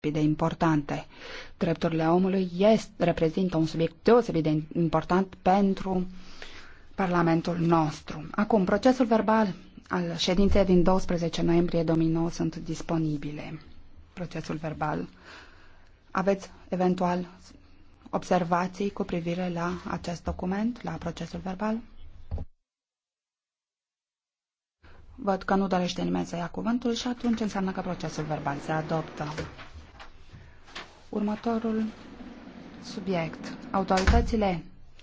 de importante. Drepturile omului este, reprezintă un subiect deosebit de important pentru Parlamentul nostru. Acum, procesul verbal al ședinței din 12 noiembrie 2009 sunt disponibile. Procesul verbal. Aveți eventual observații cu privire la acest document, la procesul verbal? Văd că nu dorește nimeni să ia cuvântul și atunci înseamnă că procesul verbal se adoptă. Următorul subiect. Autoritățile